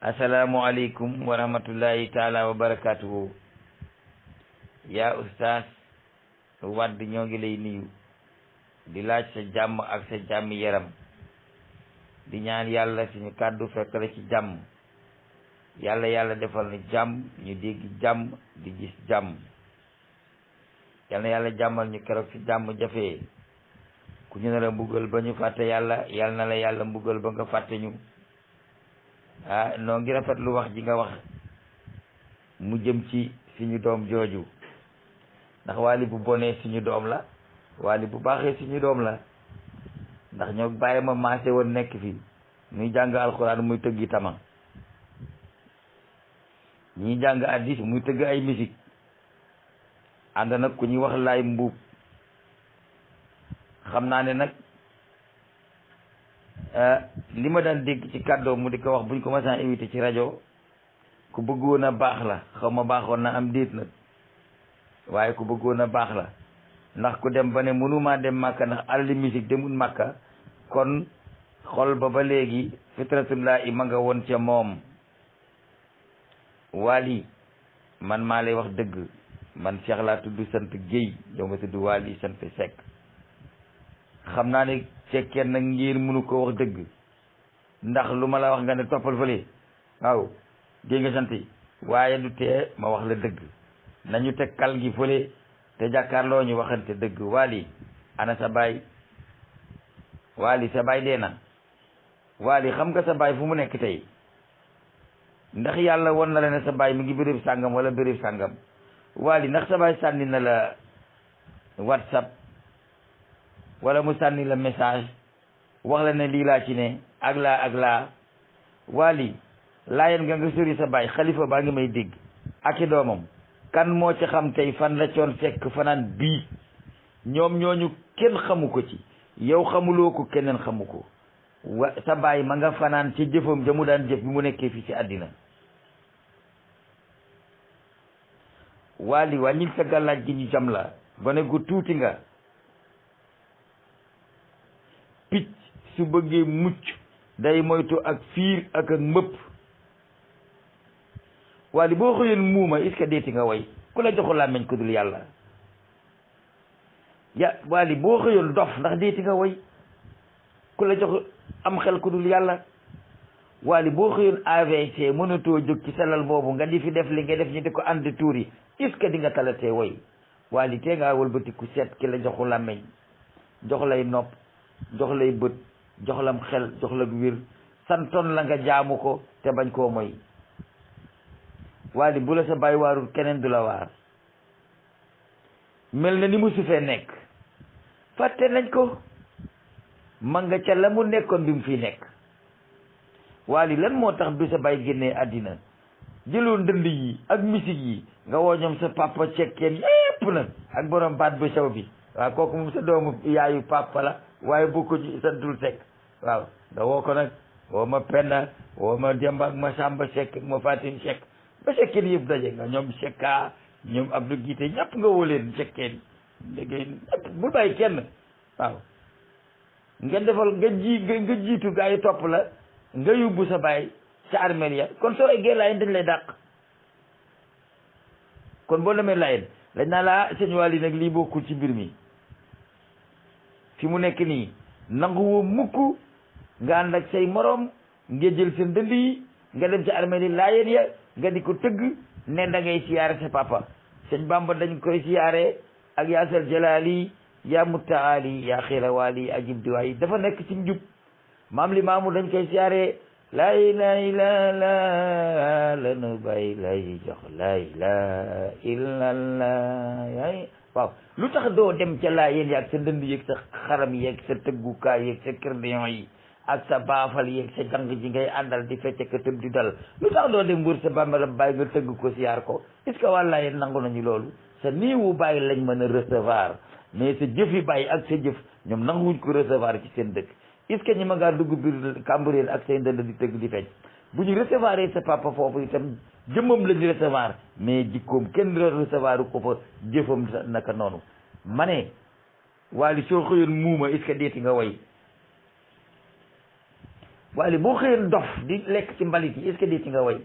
asalaamualeykum wa rahmatullahi taala wa barakatuhu ustaas wadd ñoo ngi lay nuyu di laaj sa jàmm ak sa jàmm yaram di ñaan yàlla suñu kàddu fekk la ci jàmm yàlla yàlla defal na jàmm ñu dégg jàmm di gis jàmm yal na yàlla jàmmal ñu keroog ci jàmm jafee ku ñu nar a mbugal ba ñu fàtte yàlla yal na la yàlla mbugal ba nga fàtte ñu ah noo ngi rafet lu wax ji nga wax mu jëm ci suñu doom jooju ndax waali bu bonee suñu doom la waali bu baaxee suñu doom la ndax ñoo bàyyi ma maase woon nekk fii muy jàng alxuraan muy tëggi tama ñuy jàng addis muy tëgg ay musique ànd nag ku ñuy wax laay mbuub xam naa ne nag Euh, li ma daan dégg ci kàddoo mu di ko wax buñ ko masaan invité ci rajo ku bëggoon a baax la xaw ma baaxoon na am déet nag waaye ku bëggoon a baax la ndax ku dem ba ne mënumaa dem màkka ndax alali musique demul màkka kon xol ba ba léegi fitratullah i ma nga woon ca moom waali man maa lay wax dëgg man Cheikh laa tudd sant Guèye yow nga tudd waali sant Seck xam naa ne cekkeen nag ngir mënu koo wax dëgg ndax lu ma la wax nga ne toppal fële waaw dégg nga waaye du tee ma wax la dëgg nañu teg kal gi fële te jàkkaarloo ñu waxante dëgg waali ana sa baay waali sa baay dee na waali xam nga sa baay fu mu nekk tey ndax yàlla won na la ne sa baay mu ngi béréb sàngam wala béréb sàngam waali ndax sa baay sànni na la whatsapp wala mu sànni la message wax la ne lii laa ci ne ak laa ak laa waa lii laayeen nga nga sori sa baay xalifa baa ngi may dégg ak i doomam kan moo ci xam tey fan la coon sekk fanaan bii ñoom ñooñu kenn xamu ko ci yow xamuloo ko keneen xamu ko wa sa baay ma nga fanaan ci jëfam ja mu daan jëf bi mu nekkee fii ci àddina waali wàññil sa gàllaaj gi ñu jam la gone gu tuuti nga su bëggee mucc day moytu ak fiir ak ak mbëpp waaye boo xëyoon muuma est-ce deeti nga woy ku la joxu làmmiñ ku dul yàlla ya waali boo xëyoon dof ndax deeti nga woy ku la jox am xel ku dul yàlla waali boo xëyoon AVC mënatoo jóg ci salal boobu nga di fi def li nga def ñu di ko ànd tuur yi est-ce que di nga talatee woy waali tee ngaa wëlbatiku seet ki la joxu làmmiñ jox lay nopp jox lay bët joxlam xel joxlag wir santoon la nga jaamu ko te bañ koo moy waali bu la sa bàyyi waarul keneen du la waar mel na ni mu su nekk fàtte nañ ko ma nga ca la mu nekkoon bi mu fi nekk waali lan moo tax bi sa bàyyi génne àddina jëloo ndënd yi ak misig yi nga woo sa papa cekkeen yépp nag ak borom baat bu sew bi waaw kooku moom sa doomu yaayu papa la waaye bu ko ci santul Seck waaw da woo ko nag woo ma Penda woo ma Demba ak ma Samba Seck ak ma Fatim Seck ba Seckeen yëpp daje nga ñoom Secka ñoom ab Guité ñëpp nga woo leen Seckeen léegi ñëpp bul bàyyi nga defal nga ji nga jiitu gaa topp la nga yóbbu sa baay sa armeel ya kon soo eggee Laayeen dañ lay dàq kon boo demee Laayeen dañ naa laa ah, sëñ Waly nag lii bokkul ci mbir mi fi mu nekk nii nanguwoo mukk nga ànd say moroom nga jël seen dënd yi nga dem ci armée li laayeen nga di ko tëgg ne da ngay siyaare sa papa sëñ Bamba dañ koy siyaare ak yaa sal jalaali yaa muttaali yaa xiirawaali ajib diwaayi dafa nekk ci njub maam li maamu dañ koy siyaare lay lay la la lanu bay lay jox lay la illa la waaw lu tax doo dem ca laa yéen yaag sa dënd yeeg sa xaram yeeg sa tëggukaay yeeg sa crayon yi ak sa baafal yeeg sa jàng ji ngay àndal di fecce ka tëb di dal lu tax doo dem wër sa bambara bàyyi nga tëgg ko siyaar ko est-ce que wàllaa yéen nangu nañu loolu sa niiwu bàyyi lañ mën a recevoir mais sa jëf yi bàyyi ak sa jëf ñoom nanguwuñ ko recevoir ci seen dëkk est-ce que ñi ma ngaa dugg biir Cambérène ak say ndënd di tëgg di fecc bu ñu recevoir sa papa foofu itam jëmmam lañ recevoir mais jikkoom kenn recevoir ko fa jëfam naka noonu ma ne waali soo xëyoon muuma est deeti nga woy waali boo xëyoon dof di lekk ci mbalit yi est deeti nga woy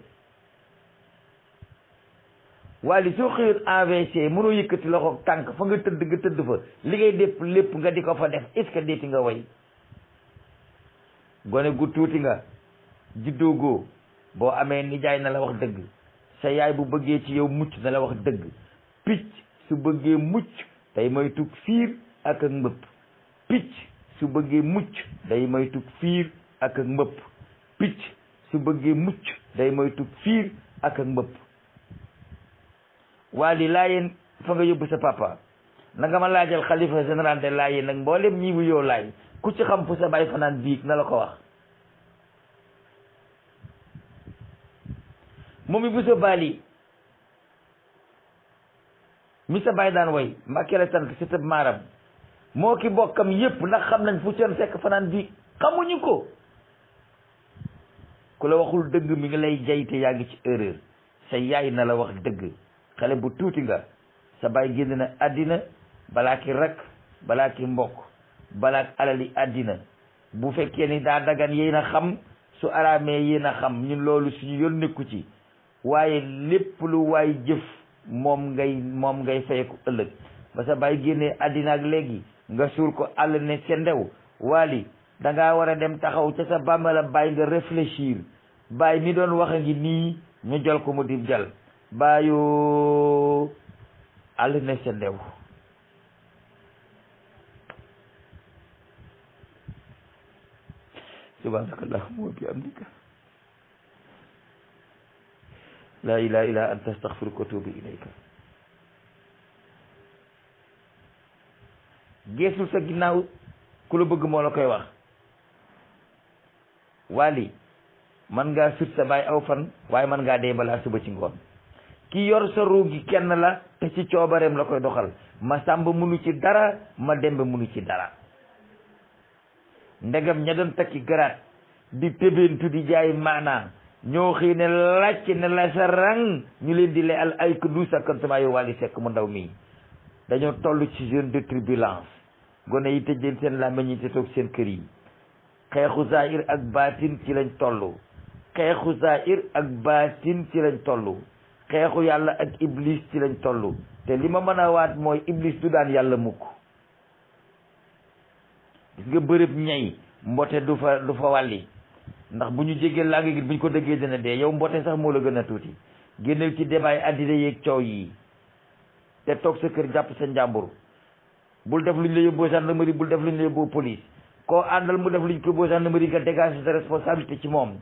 waali soo xëyoon AVC mënoo yëkkati loxo tànk fa nga tëdd nga tëdd fa li ngay dépp lépp nga di ko fa def est-ce que deeti nga woy gone gu tuuti nga jiddoogoo boo amee nijaay na la wax dëgg sa yaay bu bëggee ci yow mucc na la wax dëgg picc su bëggee mucc day moytu fiir ak ak mbëpp picc su bëggee mucc day moytu fiir ak ak mbëpp picc day moytu fiir ak ak mbëpp waa li laayeen fa nga yóbbu sa papa na nga ma laajal xalifa général de laayeen nag mboolem ñi yow laay ku ci xam fu sa baay fanaan biig na la ko wax moom i busa baali mi sa baay daan way mbàkke la sant si tëb maaram moo ki mbokkam yépp ndax xam nañ fu seen fekk fanaan bi xamuñu ko ku la waxul dëgg mi ngi lay jayte yaa ngi ci erreur sa yaay na la wax dëgg xale bu tuuti nga sa baay génn na àddina balaa ki rakk balaa ki mbokk balaa alali àddina bu fekkee ni daa dagan yéen xam su araamee yéen xam ñun loolu suñu yoon nekku ci waaye lépp lu waay jëf moom ngay moom ngay fay ko ëllëg ba sa baay génnee àddina ak léegi nga suur ko àll ne ca ndew waali da ngaa war a dem taxaw ca sa bàmmala baay nga réfléchir baay mi doon wax a ngi nii ñu jël ko mu di jal bàyyoo àll ne ca ndew subhanakallahumma wa bihamdika laa ilaha illa anta astaghfiruka wa atubu ilayka geesul sa ginnaaw ku la bëgg moo la koy wax wali man ngaa sut sa baay aw fan waaye man ngaa dee balaa suba ci ngoon ki yor sa ruu gi kenn la te ci coobareem la koy doxal ma sàmba munu ci dara ma demba munu ci dara ndegam ña doon takki garaat di tëbeentu di jaay maanaa ñoo xëy ne làcc ne la sa rang ñu leen di le al ay du sàkkantumaa yow Wally Seck mu ndaw mii dañoo toll ci zone de turbulence gone yi tëj leen seen làmmiñ yi te toog seen kër yi xeexu zaahir ak baatin ci lañ toll xeexu ak baatin ci lañ tollu xeexu yàlla ak iblis ci lañ tollu te li ma mën a waat mooy iblis du daan yàlla mukk gis nga bërëb ñay mbote du fa du fa wàlli ndax bu ñu jégee laa ngi bu ñu ko dëggee dina dee yow mboote sax moo la gën a tuuti génneel ci débat yi àddina yeeg coow yi te toog sa kër jàpp sa njàmbur bul def lu ñu la yóbboo gendarmerie bul def lu ñu la yóbboo police koo àndal mu def lu ñu ko yóbboo gendarmerie nga dégager sa responsabilité ci moom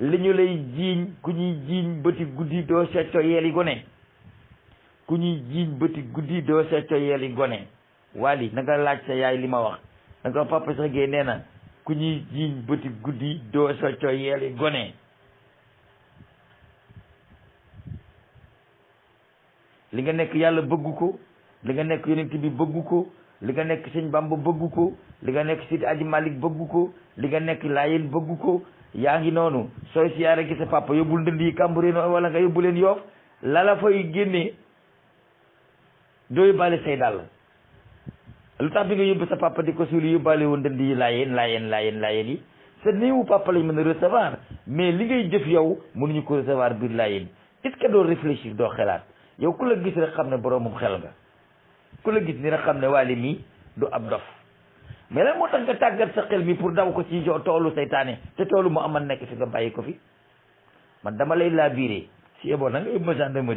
li ñu lay jiiñ ku ñuy jiiñ bëti guddi doo secco yeel yi gone ku ñuy jiiñ bëti guddi doo secco yeel yi gone wali na nga laaj sa yaay li ma wax da nee na ku ñuy jiiñ bëti guddi doo sa coyeeli gone li nga nekk yàlla bëggu ko li nga nekk yonent bi bëggu ko li nga nekk sëñ Bamba bëggu ko li nga nekk Sidi Aji Malik bëggu ko li nga nekk Laayeen bëggu ko yaa ngi noonu sooy siyaare gi sa papa yóbbul ndënd yi Cambérène wala nga yóbbu leen Yoff lala fay génnee dooy bale say dàll lu tax bi nga yóbbu sa papa di ko suuli yóbbaale woon dënd yi laayeen laayeen laayeen laayeen yi sa néewu papa lañ mën a recevoir mais li ngay jëf yow mënuñu ko recevoir biir laayeen est-ce que doo réfléchir doo xelaat yow ku la gis rek xam ne boroomum xel nga ku la gis ni rek xam ne waali mii du ab dof mais lan moo tax nga tàggat sa xel mi pour daw ko ci toolu seytaane te toolu mu amal nekk si nga bàyyi ko fi man dama lay laa biiree si eboon na nga yóbbu ma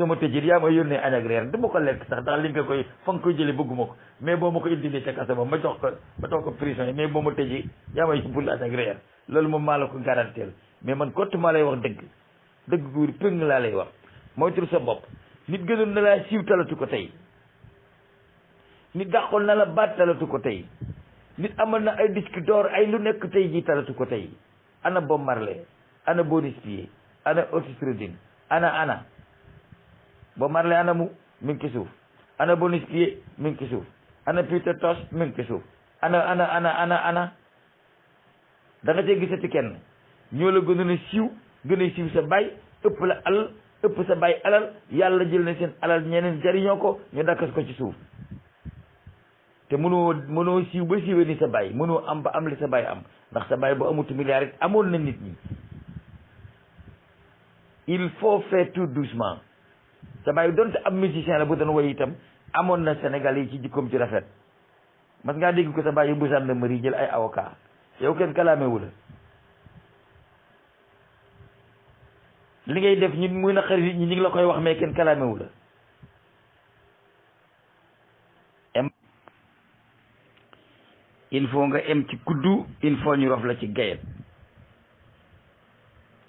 soo ma tëjee yaa ma yónnee añ ak reer du ko lekk sax ndax li nga koy fa nga koy jëlee bëgguma ko mais boo ma ko indilee ca kaso ba ma jox ko ma jox ko prison mais boo ma tëjee yaa ma yóbbul añ ak reer loolu moom maa ko garanteel mais man kott maa lay wax dëgg dëgg guur péng laa lay wax mooy moytul sa bopp nit gënoon na laa siiw talatu ko tey nit dàqoon na la baat talatu ko tey nit amal na ay disque door ay lu nekk tey ji talatu ko tey ana Bob Marley ana Boris Vian ana Otis Redding ana ana Bob Marley ana mu mi ngi ci suuf ana Boris Vian mi ngi ci suuf ana Peter Tosh mi ngi ci suuf ana ana ana ana ana da nga gisati kenn ñoo la gënoon a siiw gën a siiw sa baay ëpp la alal ëpp sa baay alal yàlla jël na seen alal ñeneen jariñoo ko ñu dakkas ko ci suuf te mënoo mënoo siiw ba siiwee ni sa baay mënoo am ba am li sa baay am ndax sa baay bu amut milliard it amoon na nit ñi il faut faire tout doucement sa bàyyi donte ab musicien la bu doon woy itam amoon na Sénégal yi ci jikkoom ci rafet mas ngaa dégg ko sa bàyyi bu gendarmerie jël ay avocat yow kenn kalaamewu la li ngay def ñun muy na xarit ñi ñu la koy wax mais kenn kalaamewu la il faut nga em ci kuddu il ñu rof la ci gayet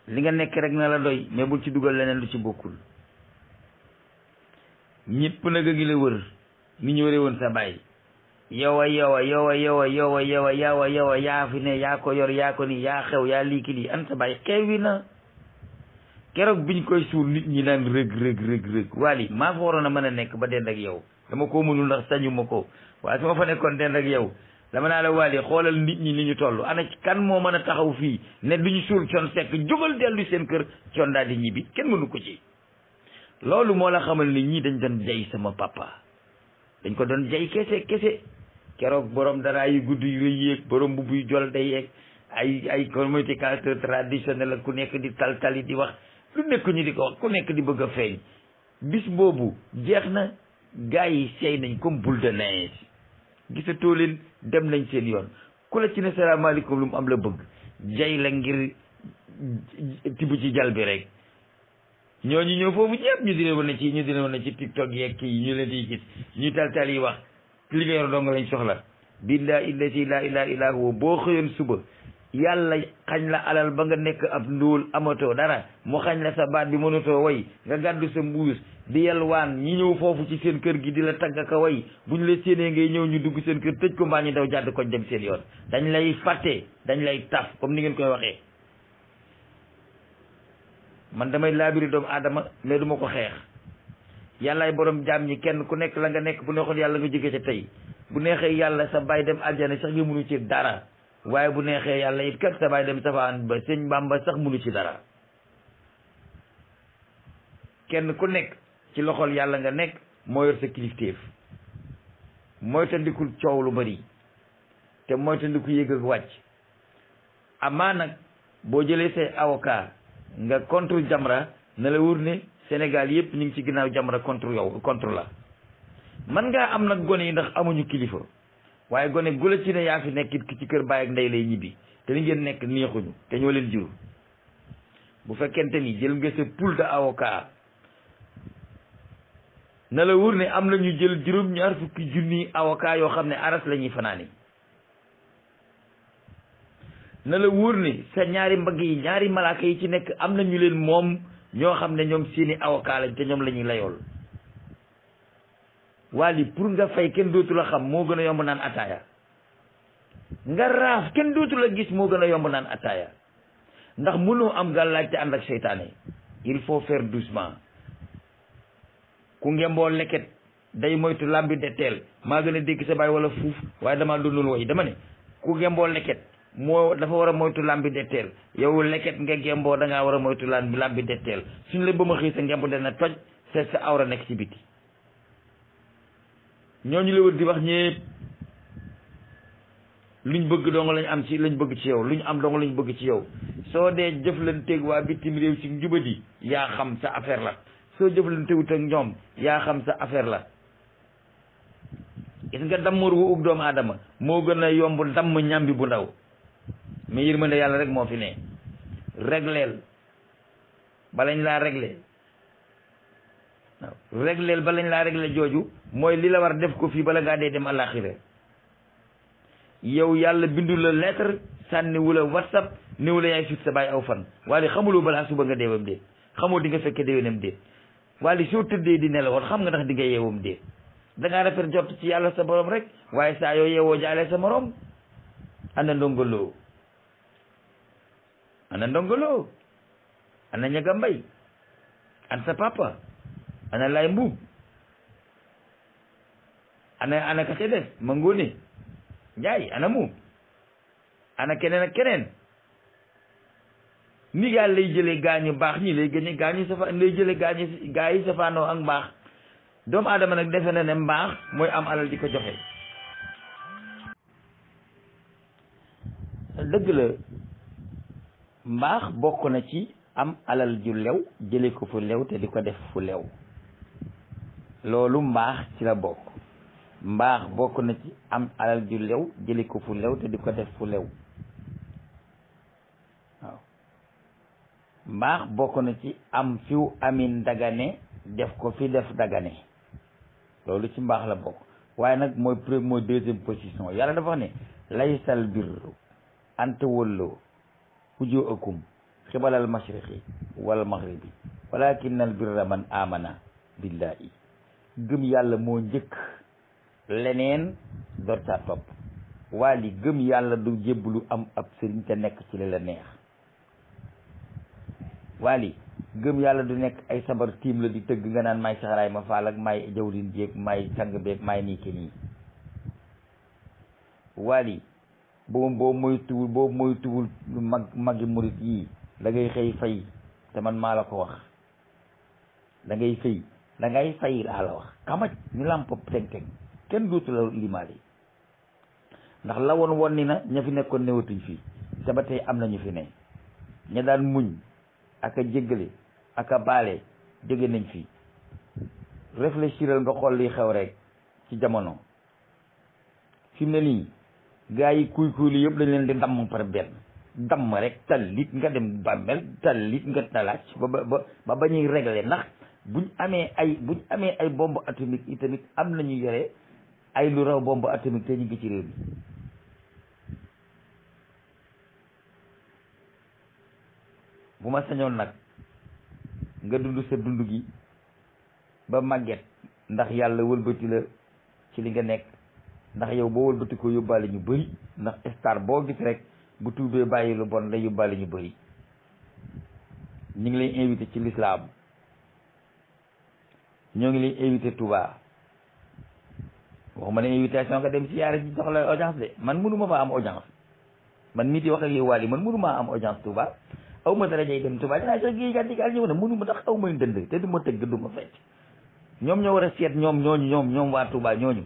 li nga nekk rek na la doy mais bul ci dugal leneen lu ci bokkul ñëpp nag a ngi la wër ni ñu wëree woon sa baay yowa yowa yowa yowa yowa yowa yowa yowa yaa fi ne yaa ko yor yaa ko ni yaa xew yaa liiki lii an sa baay xewi na keroog biñ koy suul nit ñi daan rëg rëg rëg rëg waali maa fa waroon a mën a nekk ba dend ak yow dama koo mënul ndax sañu ma ko waaye su ma fa nekkoon dend ak yow dama naa la waali xoolal nit ñi li ñu toll ana kan moo mën a taxaw fii ne duñu suul con sekk jógal dellu seen kër con daal di ñibbi kenn mënu ko ci loolu moo la xamal ni ñii dañ doon jay sama papa dañ ko doon jay kese kese keroog boroom dara yu gudd yu yéeg borom mbubb yu jol day yeeg ay ay communicateur traditionnel ak ku nekk di taltali di wax lu nekk ñu di ko wax ku nekk di bëgg a feeñ bis boobu jeex na gars yi seey nañ comme boule de neige gisatoo leen dem nañ seen yoon ku la ci ne salaamaaleykum lu mu am la bëgg jay la ngir tibb ci jal bi rek ñooñu ñëw foofu ñëpp ñu di leen ci ñu di leen wane ci tiktok yeeg kii ñu leen di gis ñu tal tal yi wax li nga yor dong lañ soxla billahi illati la ilaha illa huwa boo xëyoon suba yàlla xañ la alal ba nga nekk ab ndóol amatoo dara mu xañ la sa baat bi mënatoo way nga gàddu sa mbuus di yalwaan ñi ñëw foofu ci seen kër gi di la tagg ka way ñu la séenee ngay ñëw ñu dugg seen kër tëj ko mbaa ñu daw jàdd ko dem seen yoon dañ lay fàtte dañ lay taf comme ni ngeen koy waxee man damay laabiri doomu aadama mais duma ko xeex yàllaay borom jaam ñi kenn ku nekk la nga nekk bu neexoon yàlla nga jóge ca tey bu neexee yàlla sa baay dem àjjana sax nga munu ci dara waaye bu neexee yàlla it kat sa baay dem safaan ba sëñ Bàmba sax munu ci dara kenn ku nekk ci loxool yàlla nga nekk moo yor sa kilifteef moytandikul coow lu bari te mooy tandiku yëg ak wàcc amaa nag boo jëlee say avocat nga contre Jamra na la wóor ne Sénégal yëpp ñu ngi ci ginnaaw Jamra contre yow contre la man ngaa am nag gone yi ndax amuñu kilifa waaye gone gu la ci ne yaa fi nekk ki ci kër baay ak ndey lay ñibbi te li ngeen nekk neexuñu te ñoo leen jur bu fekkente ni jël nga sa pool de avocat na ne am na ñu jël juróom ñaar fukki junni avocat yoo xam ne aras la ñuy fanaani na la wóor ni sa ñaari mbagg yi ñaari malaaka yi ci nekk am na ñu leen moom ñoo xam ne ñoom seeni avocat lañ te ñoom la ñuy layool waali pour nga fay kenn dootu la xam moo gën a yomb naan ataaya nga raaf kenn dootu la gis moo gën a yomb naan ataaya ndax mënoo am gàllaaj te ànd ak seytaane il faut faire doucement ku ngemboo leket day moytu làmbi de teel maa gën a dégg sa baay wala fuuf waaye damaa doonul woy dama ne ku ngemboo leket moo dafa war a moytu lambi detteel yow leket nga gemboo da war a moytu lambi lambi detteel suñu la ba ma xëy sa ngemb dana toj seet sa awra nekk ci biti ñooñu la wër di wax ñëpp luñ bëgg dong lañ am ci lañ bëgg ci yow luñ am dong lañu bëgg ci yow soo dee jëflanteeg waa bitim réew ci njubadi yaa xam sa affaire la soo jëflantewut ak ñoom yaa xam sa affaire la gis nga dammoor wu ub doomu aadama moo gën a yomb damm ñambi bu ndaw mais yërmande yàlla rek moo fi ne régleel balañ laa réglé waaw régleel balañ laa réglé jooju mooy li la war def ko fii bala ngaa dee dem àllaaxira yow yàlla bindu la lettre sànniwu la whatsapp niwu la yaay fit sa bàyyi aw fan waaye xamuloo balaa suba nga deewam déet xamoo di nga fekke déwénam déet waaye soo tëddee di nelawoon xam nga ndax di nga yeewam déet da ngaa jot ci yàlla sa borom rek waaye saa yoo yeewoo jaale sa morom àndandoo ngëlloo ana ndongolo ana ñagambay an sa papa ana lay mbu ana ana kasedes mangone njaay ana mu ana keneen a keneen ni gaa lay jële gaa gaañu baax ñi lay gëñe gaañu safa lay jëlee gaañu gaa yi safaanoo ak mbaax doomu aadama nag defe na ne mbaax mooy am alal di ko joxe dëgg la mbaax bokk na ci am alal ju lew jële ko fu lew te di ko def fu lew loolu mbaax ci la bokk mbaax bokk na ci am alal ju lew jële ko fu lew te di ko def fu lew waaw mbaax bokk na ci am fiw amin dagane def ko fi def dagane loolu ci mbaax la bokk waaye nag mooy premier mooy deuxième position yàlla dafa wax ne laysal birru anta wëlloo wujuhakum qibala al-mashriqi wal maghribi walakinna al-birra man amana billahi gëm yàlla moo njëkk leneen door caa topp waaye gëm yàlla du jébbalu am ab sëriñ te nekk ci la neex waaye li gëm yàlla du nekk ay sabar tiim la di tëgg nga naan maay saxaraay ma faal ak maay jéeg maay sang beeg maay nii ki nii waaye boo boo moytuwul mooy tuwul mag magi murit yii da ngay xëy fay te man maa la ko wax dangay ngay fay da ngay fay laa la wax xamaj ñu làmp teng-teng kenn dootu la limaale ndax la woon woon ni na ña fi nekkoon newatuñ fii te ba tey am na ñu fi ne ña daan muñ ak a jéggale ak a baale jóge nañ fii réfléchiral nga xool li xew rek ci jamono fi ne nii gaa yi kuy kuy li yëpp dañ leen di damm par benn damm rek talit nga dem bàmmel talit nga talaaj ba ba ba ba ñuy régler ndax buñ amee ay buñ amee ay bomb atomique yi tamit am nañu yore ay lu raw bombe atomique te ñu ngi ci réew mi bu ma sañoon nag nga dund sa dund gi ba màgget ndax yàlla wëlbati la ci li nga nekk ndax yow boo wëlbati ko yóbbaale ñu bëri ndax star boo gis rek bu tuubee bàyyi lu bon lay yóbbaale ñu bëri ñu ngi lay invité ci lislaam ñoo ngi lay invité Touba waxuma ne invitation nga dem si yaara ji jox la audience de man mënuma fa am audience man mii di wax ak yow yi man mënuma am audience Touba aw ma dara ñuy dem Touba dinaa jox gi gàddigaal ñëw ne mënuma tax aw may ndënd te du ma tëgg du ma ñoom ñoo war a seet ñoom ñooñu ñoom ñoom waa Touba ñooñu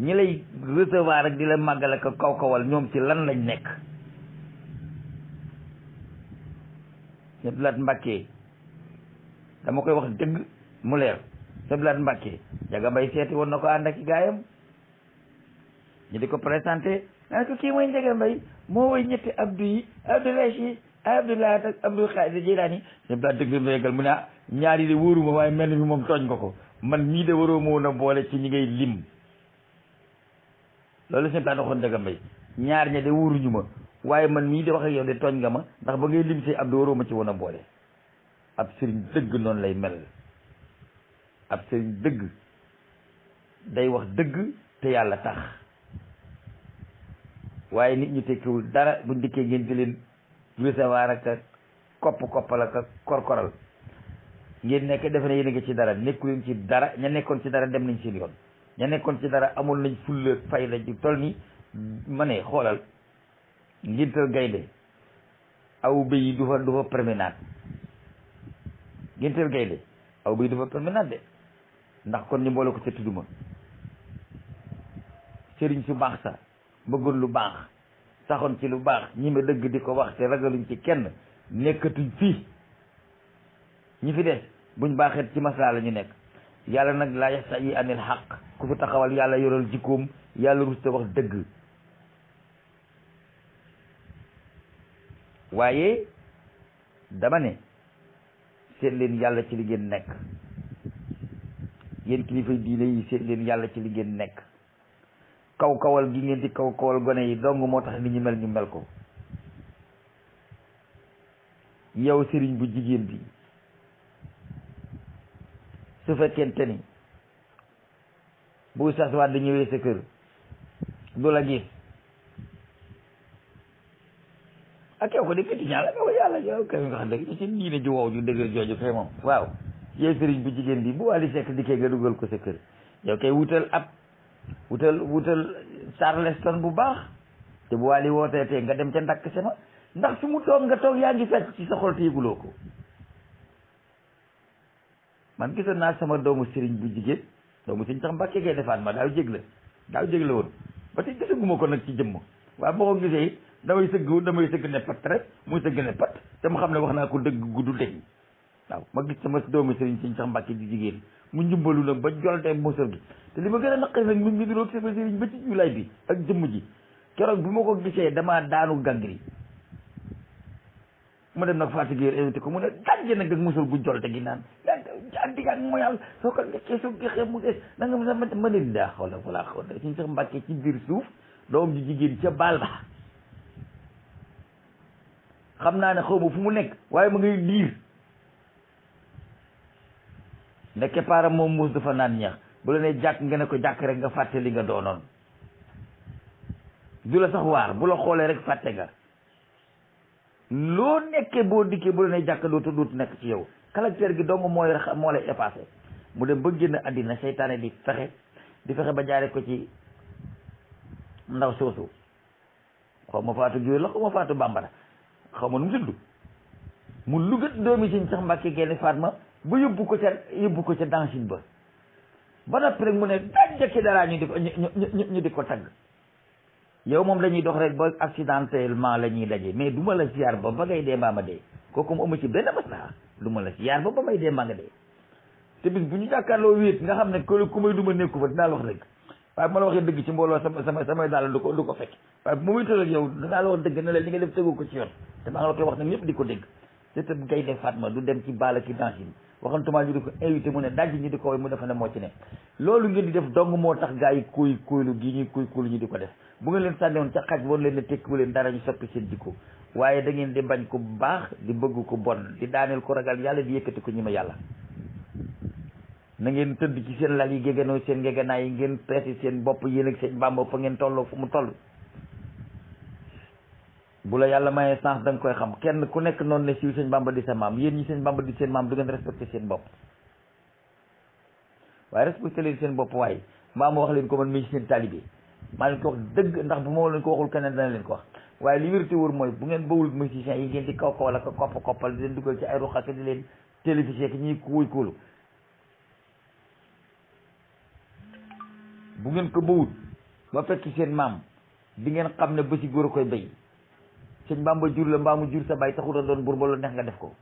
ñi lay recevoir ak di la màggal ak kaw ñoom ci lan lañ nekk seblaat mbàkkee dama koy wax dëgg mu leer seblaat mbàkkee jaga mbay seeti woon na ko ànd ak gaayam ñu di ko présenté naa ko kii mooy njege mbay moo woy ñetti abdu yi abdoulaye yi abdoulaye ak abdou xaadir jilaani seblaat dëgg ma yeggal mu ne ah ñaari de wóoruma waaye mel ni moom tooñ ko ko man ñii de waroo ma woon boole ci ñi ngay lim loolu seen plan waxoon daga mbay ñaar ña de wóoruñu ma waaye man mii di wax ak yow de tooñ nga ma ndax ba ngay lim say ab waroo ma ci woon a boole ab sëriñ dëgg noonu lay mel ab sëriñ dëgg day wax dëgg te yàlla tax waaye nit ñu tekkiwul dara buñ dikkee ngeen di leen recevoir ak kopp koppal ak korkoral ngeen nekk defe ne yéen a ci dara nekkuleen ci dara ña nekkoon ci dara dem nañ seen yoon ña nekkoon ci dara amoon nañ fulla fay ju toll ni ma ne xoolal ngintal gaynde aw bëy du fa du fa permanent aw bëy du fa ndax kon ñu boole ko ca tudduma sëriñ su baax sa bëggoon lu baax saxoon ci lu baax ñi ma dëgg di ko wax te ragaluñ ci kenn nekkatuñ fii ñi fi de buñ baaxeet ci maslaa la ñu nekk yàlla nag laa yaxta yi anil xaq ku fi taxawal yàlla yoral jikkoom yàlla rusta wax dëgg waaye dama ne seet leen yàlla ci li ngeen nekk yéen kilifay diine yi seet leen yàlla ci li ngeen nekk kaw kawal gi ngeen di kaw kawal gone yi dong moo tax ni ñu mel ñu mel ko yow sëriñ bu jigéen bi su fekkente ni bu Oustaz Wade ñëwee sa kër du la gis ak yow ko de péti ñaa la nga ko yàlla yow kay nga xam dëgg ci diine ji wow ju dëgër moom waaw sëriñ bu jigéen bi bu Wally Seck dikkee nga dugal ko sa kër yow kay wutal ab wutal wutal Charleston bu baax te bu Wally wootee tee nga dem ca ndakk sama ndax fi mu toog nga toog yaa ngi fekk ci sa xol te yëguloo ko man gisoon naa sama doomu sëriñ bu jigéen doomu sëriñ sax mbàkke gay defaat ma daaw jégle daaw jégle woon ba tey gisaguma ko nag ci jëmm waaw boo ko gisee it damay sëgg damay sëgg ne pat rek muy sëgg ne pat te mu xam ne wax naa ko dëgg guddu waaw ma gis sama doomu sëriñ sëriñ sax mbàkke di jigéen mu njumbalu nag ba jolte mosal gi te li ma gën a naqari nag mu ngi niroog ci bi ak jëmm ji keroog bi ma ko gisee damaa daanu gàngri mu dem nag Fatick yéen invité ko mu ne dajje nag dag mosul bu jol te gi naan yaa anti yaa ngi moyal soo ko mu des da nga ma ma ne daa xaw la wala xaw la suñ sax mbàkkee ci biir suuf doom ji jigéen ca baal ba xam naa ne xaw ma fu mu nekk waaye ma ngay diir ndekke paara moom muus dafa naan ñax bu la ne jàkk nga ne ko jàkk rek nga fàtte li nga doonoon du la sax waar bu la xoolee rek fàtte nga loo nekkee boo dikkee bu la ne jàkk dootu dootu nekk ci yow caractère gi doomu mooy moo lay effacé mu dem ba génn àddina seytaane di fexe di fexe ba jaare ko ci ndaw soosu xaw ma faatu giwél la xaw ma faatu bambara xaw ma nu mu tudd mu lugat doomi sin sax mbàkke genn faat ma ba yóbbu ko ca yóbbu ko ca dancine ba ba noppi rek mu ne daj jëkki dara ñu di ko ñu di ko tagg yow moom la ñuy dox rek ba accidentellement la ñuy daje mais du ma la siyaar ba ba ngay dee mbaa ma dee kooku mu amu ci benn maslaa du ma la siyaar ba ba may dee mbaa nga dee te bis bu ñu jàkkaarloo wéet nga xam ne ko ku may duma nekku ci mbooloo sama sama samay daal du ko du ko fekk waaye bu muy toll ak yow dinaa la wax dëgg ne la li nga def tegu ko ci yoon te maa ngi la koy wax di ko dégg te tam gay def du dem ci baala ci danse waxantuma ñu di ko invité mu ne daj ñu di ko way mu defe ne moo ci ne loolu ngeen di def dong moo tax gaa yi kuy kuylu gi ñuy kuy kuylu ñu di ko def bu ngeen leen sànniwoon ca xaj woon leen ne tekkiwu leen dara ñu soppi seen jikko waaye da ngeen di bañ ku baax di bëgg ko bon di daaneel ko ragal yàlla di yëkkati ko ñi ma yàlla na ngeen tëdd ci seen lal yi géganoo seen ngeganaay yi ngeen peese seen bopp yéen ak seen bàmba fa ngeen tolloo fu mu toll bu la yàlla mayee sens da koy xam kenn ku nekk noonu ne siw sëñ bamba di sa maam yéen ñi sëñ bamba di seen maam du ngeen respecté seen bopp waaye respecté leen seen bopp waaye maa wax leen ko man mii seen taalibe maa leen ko wax dëgg ndax bu moo leen ko waxul keneen dana leen ko wax waaye li wérte mooy bu ngeen bawul musiciens yi ngeen di kaw kaw la ko koppa koppal di leen dugal ci ay ruxa ak di leen télévisé ki ñuy kuuy kuulu ko bawul ba fekk seen maam di ngeen xam ne ba góor a koy bay sëñ Bamba jur la mbaamu jur sa baay taxul a doon buur ba lu neex nga def ko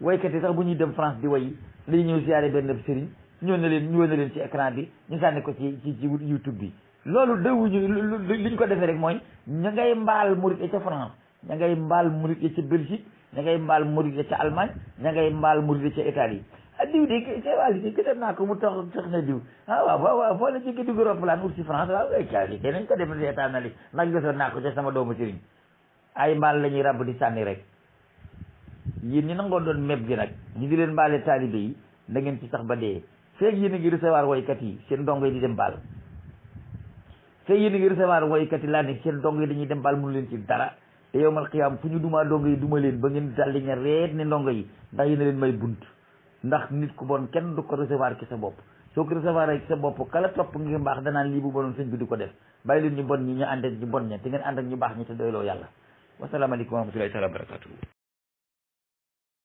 waykat yi sax bu ñuy dem France di way dañuy ñëw siyaare benn sëriñ ñoo na leen ñëw na leen ci écran bi ñu sànni ko ci ci ci YouTube bi loolu dawuñu li ñu ko defee rek mooy ña ngay mbaal murit ya ca France ña ngay mbaal murit ya ca Belgique ña ngay mbaal murit ya ca Allemagne ña ngay mbaal murit ya ca Italie diw di cawaalisi ki dem naa ko mu tox sox na diw ah waaw waaw waaw foo la jëkki dugg roplaan ut si France waaw ay cawali te nañ ko dem seetaan na li ndax gisoon naa ko ca sama doomu sëriñ ay mbaal la ñuy rabb di sànni rek yéen ñi nangoo doon meb gi nag ñu di leen mbaale taalibe yi da ngeen ci sax ba dee feeg yéen a ngi recevoir woykat yi seen ndongo yi di dem baal feeg yéen a ngi recevoir woykat yi laa ne seen ndongo yi dañuy dem baal mënu leen ci dara te yow mal xiyaam fu ñu dumaa ndongo yi duma leen ba ngeen daldi nga reet ne ndongo yi ndax yéen a leen may bunt ndax nit ku bon kenn du ko recevoir ci sa bopp soo ko recevoir ci sa bopp kala topp ngir mbaax danaan lii bu bonoon sëñ bi di ko def bàyyi leen ñu bon ñi ñu ànd ak ñu bon ña te ngeen ànd ak ñu baax ñi te doyloo yàlla wasalaamaaleykum wa rahmatullahi taala wa barakatuhu